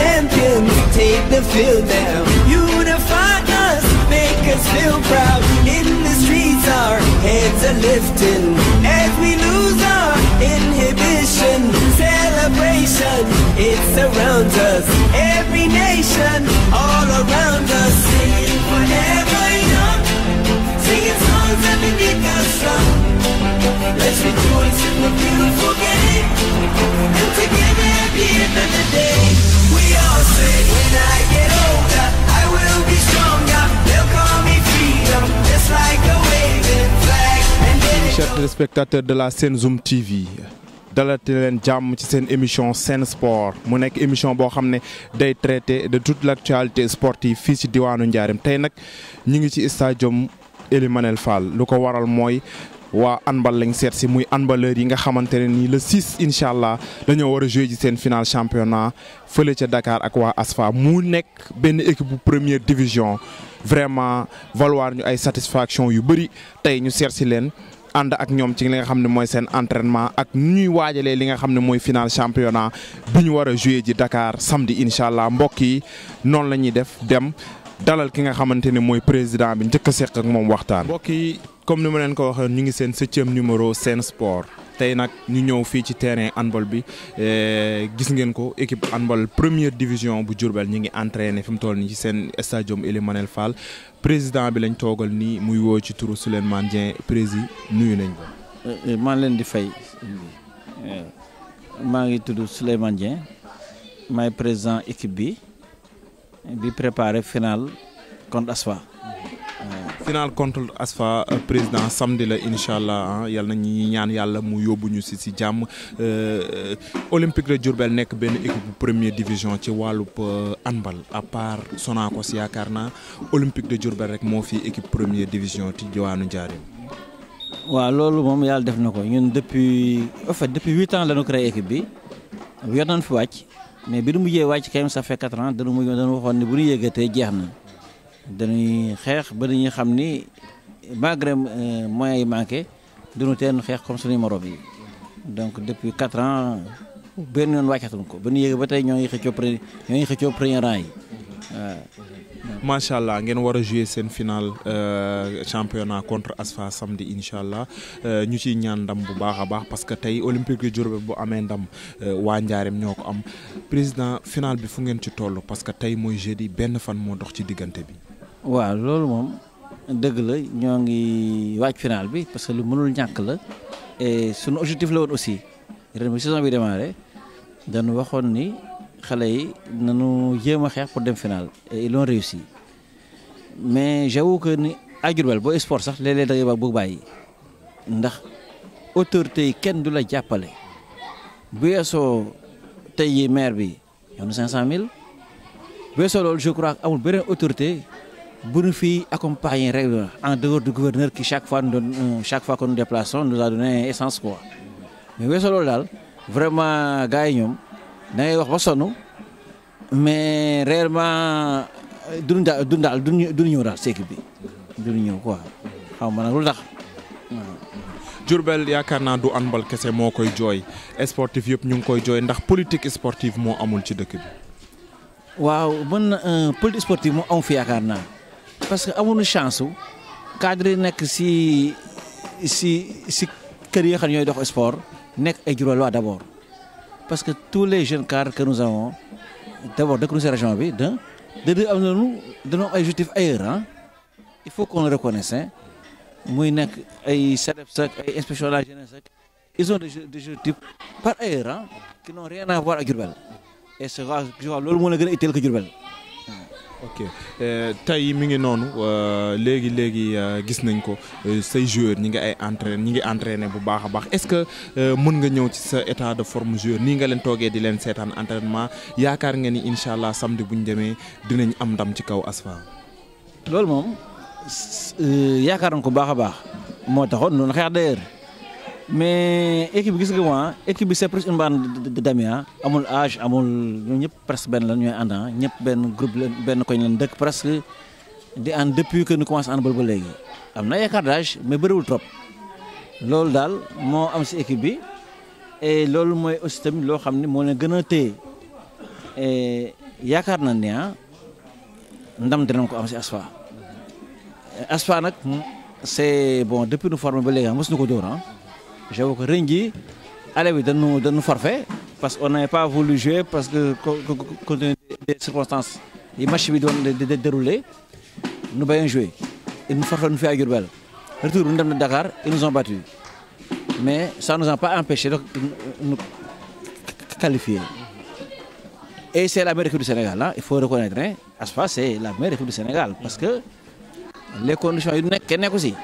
champion, we take the field now. Unify us, make us feel proud. In the streets, our heads are lifting. As we lose our inhibition, celebration, it surrounds us. Every nation, all around us. spectateurs de la scène Zoom TV dalate la jàmm ci seen émission scène Sport mu nekk émission boo xam day traité de toute l'actualité sportive fii ci diwaanu Njaareem tey nag ñu ngi ci stadium Ely Manel Fall lu ko waral mooy waa anbal lañ seet si muy anbaleur yi nga xamante le 6 inchallah allah dañoo war ci seen final championnat fële ca Dakar ak waa ASFA mu nekk benn équipe première division vraiment valoir ñu ay satisfaction yu bëri tey ñu ànd ak ñoom ci li nga xam ne mooy seen entrainement ak ñuy waajalee li nga xam ne mooy final championnat bi ñu war a joué ji Dakar samedi incha allah mbokk yi noonu la ñuy def dem dalal ki nga xamante ne mooy président bi njëkk a seq ak moom waxtaan. mbokk yi comme ni ma leen ko waxee ñu ngi seen septième numéro seen Sport. tey nak ñu ñëw fi ci terrain handball bi eh, gis ngeen ko équipe handball première division bu Djourbel ñi ngi entraîné fi toll ni ci sen stadium Ely Fall président bi lañ togal ni muy wo ci turu Souleymane Dieng prési nuyu nañ ko. Eh, eh, maa leen di fay ma ngi tudd Souleymane Dieng maay président équipe bi bi préparé final contre Aswa final contre ASFA euh, président samedi là inshallah allah hein, yal na ñu ñaan yàlla mu ci ci si euh, euh Olympique de Djourbel nek ben équipe première division ci wàllub euh, handball à part Sonacos yaakaar naa Olympique de Djourbel rek mo fi équipe première division ci Diwanu Njaaréem. wa lolu mom yalla def nako ñun depuis en fait depuis 8 ans la ñu créé équipe bi yor fi wacc mais bi nu wacc wàcc kayam ça fait quatre ans dañu mujj dañu waxone ne bu ñu yëgatee jeex na dañuy xeex ba dañuy xam ni malgré euh, moyens yi manqué duñu teen xeex comme suñuy morom yi donc depuis quatre ans benn yoon wàccatuñ ko ba ñu yéeg ba tey ñoo ngi xëccoo premier ñoo ngi xëccoo premier rang yi waaw. macha allah ngeen war a jouer seen final euh, championnat contre ASFA samedi incha allah euh, ñu ciy ñaan ndam bu baax a baax parce que tey olympique de Diourbel bu amee ndam waa Njaareem ñoo ko am président final bi fu ngeen ci toll parce que tey mooy jeudi benn fan moo dox ci diggante bi. waaw loolu moom dëgg la ñoo ngi wàcc final bi parce que lu mënul ñàkk la et objectif la woon aussi ren bi saison bi démarré dañu waxoon ni xale yi nañu jéem a xeex pour dem final et ils réussi mais j'avoue que ni ajurbel boo sport sax léeg-léeg da ngay ba bëgg bàyyi ndax autorité yi kenn du la jàppale bu yeesoo tey yi maire bi ñoo na cinq cent mille bu yeesoo loolu je crois amul beneen autorité fi, accompagne règle en dehors du gouverneur qui chaque fois, que nous déplaçons nous a donné essence quoi. mais oui vraiment gars ngay wax mais réellement bi quoi xaw ma lu tax. do, yaakaar naa du koy jooy sportif yëpp ñu koy jooy ndax politique sportive moo amul ci bi. waaw parce que une chance cadre nek si si si carrière yi xam dox sport nek ay Diourlois d'abord parce que tous les jeunes cadres que nous avons d'abord de dëkk région bi de de deux am ay objectifs ailleurs hein. il faut qu'on le reconnaisse hein. muy nek ay CEDEPS ak ay inspection de la jeunesse ils ont des jeux des par ailleurs hein qui n'ont rien à voir ak Diourbel et ce je crois loolu moo la gën a itteel ko ok euh, tey mi ngi noonu euh, léegi léegi euh, gis nañ ko say joueur ñi ngi ay entraîné ñi ngi entraîné bu baax a baax est-ce que mën nga ñëw ci sa état de forme joueur nii nga leen toogee di leen seetaan entraînement yaakaar nga ni incha allah samedi bu ñu demee dinañ am ndam ci kaw Asfa. loolu moom yaakaar nañ ko baax a baax moo tax noonu xeex d'ailleurs mais équipe bi gis nga équipe bi c'est plus une bande d'amis amul âge amul ñoom ñëpp presque benn la ñooy ànd ah ñëpp benn groupe la benn koñ lañ dëkk presque di ànd depuis que ñu commencé ànd ba léegi am na ay écart mais bëriwul trop loolu daal moo am si équipe bi et loolu mooy aussi tamit loo xam ni moo leen gën a téye yaakaar na ne ah ndam dinañ ko am si ASFA ASFA nag c'est bon depuis nu formé ba léegi ah mosuñu ko dóor ah. J'avoue que Rengi, allez, donne nous, de nous forfait, parce qu'on n'avait pas voulu jouer, parce que, compte des circonstances, les matchs doivent de, dérouler, nous avons jouer Et nous forfait, nous fait à Gurbel. Retour, nous sommes le Dakar, ils nous ont battus. Mais ça ne nous a pas empêché de nous qualifier. Et c'est la du Sénégal, hein. il faut reconnaître, hein. Aspa, c'est la meilleure du Sénégal, parce que les conditions, il n'y a aussi.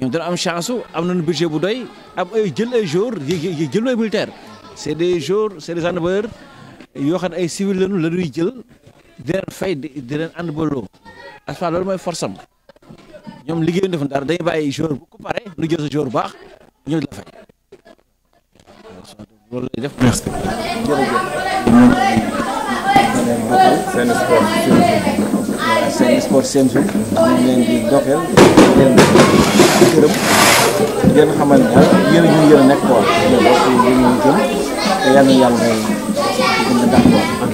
ñoom dana am chance am nu budget bu doy am ay jël ay joueurs jël ay militaire c' est des joueurs c' est des yoo xam ne ay civil lañu la ñuy jël di leen fay di leen handballoo aspa loolu mooy force am ñoom liggéeyu defoon dara dañuy bàyyi joueur bu ko pare nu jël sa joueur bu baax ñëw di la fay def merci seen sport seen suuf ñu ngi leen di doxeel di leen gërëm di leen xamal ne daal yéen a ñu yéen a nekk quoi. yéen a bokk yéen a ñu jëm te yàlla na yàlla day gën a dàq quoi.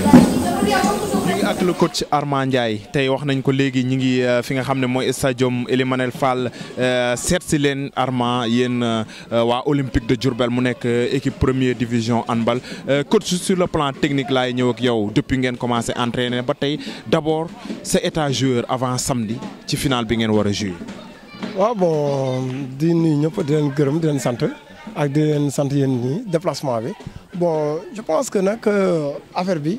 le coach Armand Jai. Tay wax nañ ko léegi ñi ngi euh, fi nga xam moy stadium Ely Fall euh si leen Armand yéen euh, wa Olympique de Djourbel mu nek euh, équipe première division handball coach sur le plan technique laay ñëw ak yow depuis ngeen commencé entraîner ba tay d'abord c'est état joueur avant samedi ci finale bi ngeen wara jouer. Wa bon di nuyu ñëpp di len gërëm di len sant ak di len sant yéen ñi déplacement bi bon je pense que nak affaire bi.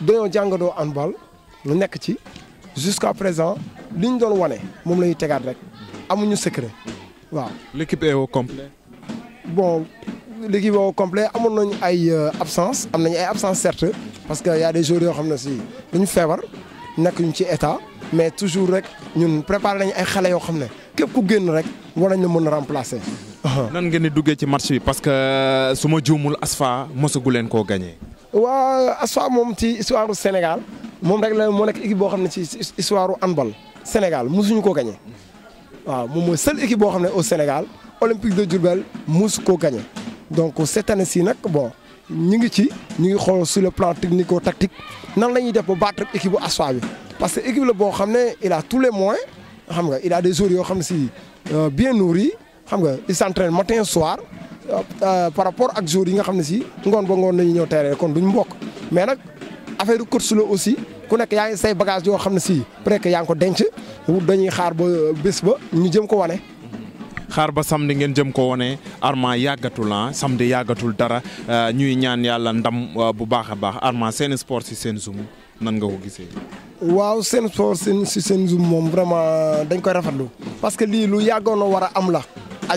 dañoo jàngadoo handball ñu nekk ci jusqu'à présent li ñu doon wane moom la ñuy tegaat rek amuñu secret waaw. l'équipe est au complet. bon l'équipe est au complet amoon nañu ay euh, absence am nañu ay absence certes parce que y a des joueurs yoo xam ne si dañu feebar nekkuñu ci état mais toujours rek ñun préparé nañu ay xale yoo xam ne képp ku génn rek war la mën remplacer. nan ngeen di duggee ci match bi parce que euh, su ma juumul ASFA mosagu leen koo gagné waa ASFA moom ci histoire Sénégal moom rek la moo nekk équipe boo xam ci histoire handball Sénégal mosuñu ko gagné waaw moom mooy seule équipe boo xam au Sénégal Olympique de Diourbel mosu ko gagné donc cette année ci nag bon ñu ngi ci ñu ngi xool sur le plan technique ou tactique nan la ñuy def pour battre équipe bu bi parce que équipe le boo xam il a tous les moyens xam nga il a des joueurs yoo xam ne si euh, bien nourri xam nga il s'entraîne matin soir. Euh, par rapport ak jour yi nga xam ne si ngoon ba ngoon nañu ñëw teere kon duñ mbokk mais nag affaire course la aussi ku nekk yaa say bagage yoo xam ne si peut-être yaa ngi ko denc dañuy xaar ba bés ba ñu jëm ko wane. xaar ba samedi ngeen jëm ko wane Arma yàggatul ah samedi yàggatul dara euh, ñuy ñaan yàlla ndam euh, bu baax a baax Arma seen sport si seen zoom nan nga ko gisee. waaw seen sport seen si seen zoom moom vraiment dañ koy rafetlu parce que lii lu yàggoon na war a am la à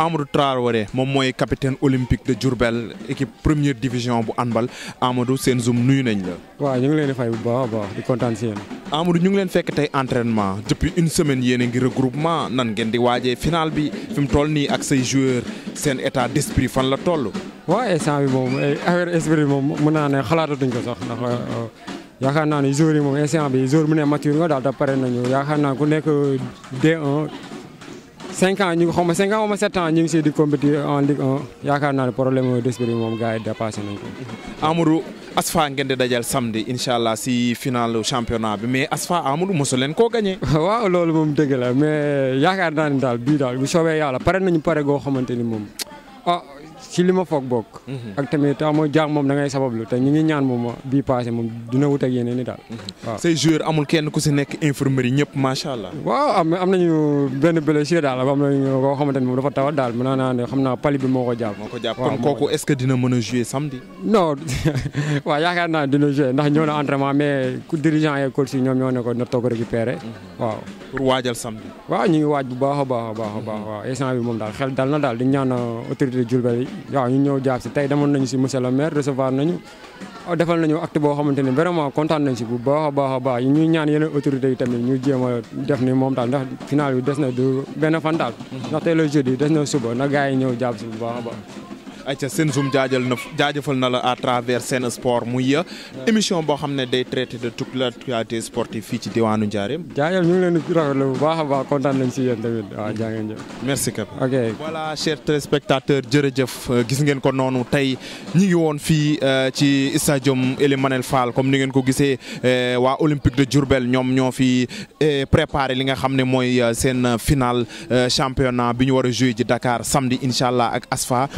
Amadou Traoré mom moy capitaine olympique de Djourbel équipe première division bu handball Amadou seen zoom nuyu nañ la. wa ñu ngi leen di fay bu baax baax di kontaan si yéen. Amadou ñu ngi leen fekk tay entraînement depuis une semaine yéen ngi regroupement nan ngeen di waajee final bi fi toll ni ak say joueurs sen état d'esprit fan la toll. wa instant bi mom eh, affaire esprit mom mëna né ne xalaatatuñ ko sax ndax euh, euh, yaakaar naa ne joueurs yi moom instant bi joueurs mu ne mature nga daal da pare nañu yaakaar naa ku nekk D1. cinq ans ñu ngi xaw ma cinq ans wala ans ñu ngi si en Ligue yaakaar naa ne problème d'esprit moom gars yi dépassé nañ ko. Amadou Asfa ngeen dajal samedi incha allah si finalu championnat bi mais Asfa Amadou mosu leen koo gagné. waaw loolu moom dëgg la mais yaakaar naa ne daal bii daal bu soobee yàlla pare nañu pare goo xamante ni moom ah. si li ma foog bokk. Mhm. ak tamit tax mooy moom da ngay sabablu te ñu ngi ñaan moom bii passé moom dina wut ak yeneen i daal. Mhm. waaw say amul kenn ku si nekk infirmerie ñëpp macha allah. waaw am am nañu benn blessure daal am nañu koo xamante ni moom dafa tawat daal mën naa naa xam naa pali bi moo ko jàpp. moo ko jàpp kon kooku est ce que dina mën a jouer samedi. non waaw yaakaar naa dina jouer ndax ñoo na entraînement mais ku dirigeant yeeg coach yi ñoom ñoo ne ko na toog pour waajal samedi. waaw ñu ngi waaj bu baax a baax a baax a baax waaw instant bi moom daal xel dal na daal di ñaan uh, autorité Diourbel yi waaw ñu ñëw jàpp si tey demoon nañu si monsieur le maire recevoir nañu oh, defal nañu acte boo xamante ne vraiment kontaan nañ si bu baax a baax a baax ñuy ñaan yeneen autorités yi tamit ñu jéem a def ni moom daal ndax final bi des na du benn daal. Mm-hmm. ndax tey la des na suba na gars yi ñëw jàpp si bu baax a ayca seen zoom jaajal na jaajëfal na la à travers seen sport muy euh, émission boo xam ne day traité de toute l'actualité sportive fii ci diwaanu Ndiarème. jaajëf ñu leen di rafetlu bu baax a baax kontaan nañ si yéen tamit waaw jaa ngeen jëf. merci Kër. ok voilà chers téléspectateurs jërëjëf euh, gis ngeen ko noonu tey ñi woon fii euh, ci stadium Ely faal Fall comme ni ngeen ko gisee wa Olympique de Diourbel ñoom ñoo fi préparé li nga xam ne mooy seen final championnat bi ñu war a joué ci Dakar samedi incha allah ak ASFA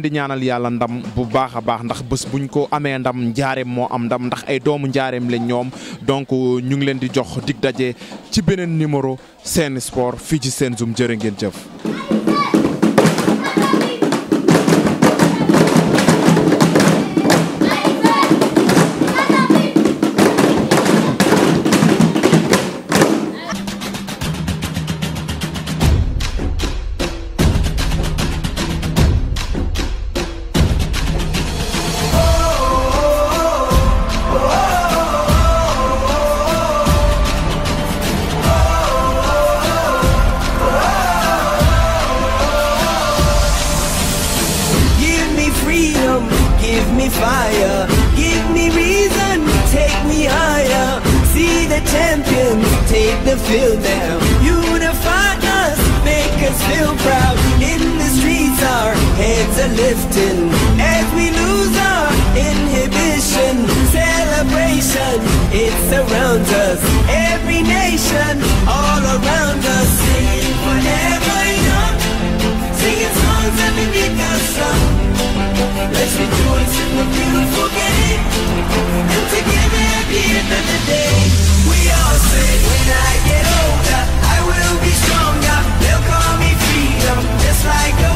leen di ñaanal yàlla ndam bu baax a baax ndax bés buñ ko amee ndam njaareem moo am ndam ndax ay doomu njaareem lañ ñoom donc ñu ngi leen di jox dig daje ci beneen numéro Sen Sport fii ci seen Zoom jërë ngeen jëf. fire. Give me reason, take me higher. See the champions take the field now. Unify us, make us feel proud. In the streets, our heads are lifting. As we lose our inhibition, celebration, it surrounds us. Every nation, all around us. Singing forever young, singing every beat got some Let's rejoice in the beautiful game And together at the end of the day We all say when I get older I will be stronger They'll call me freedom Just like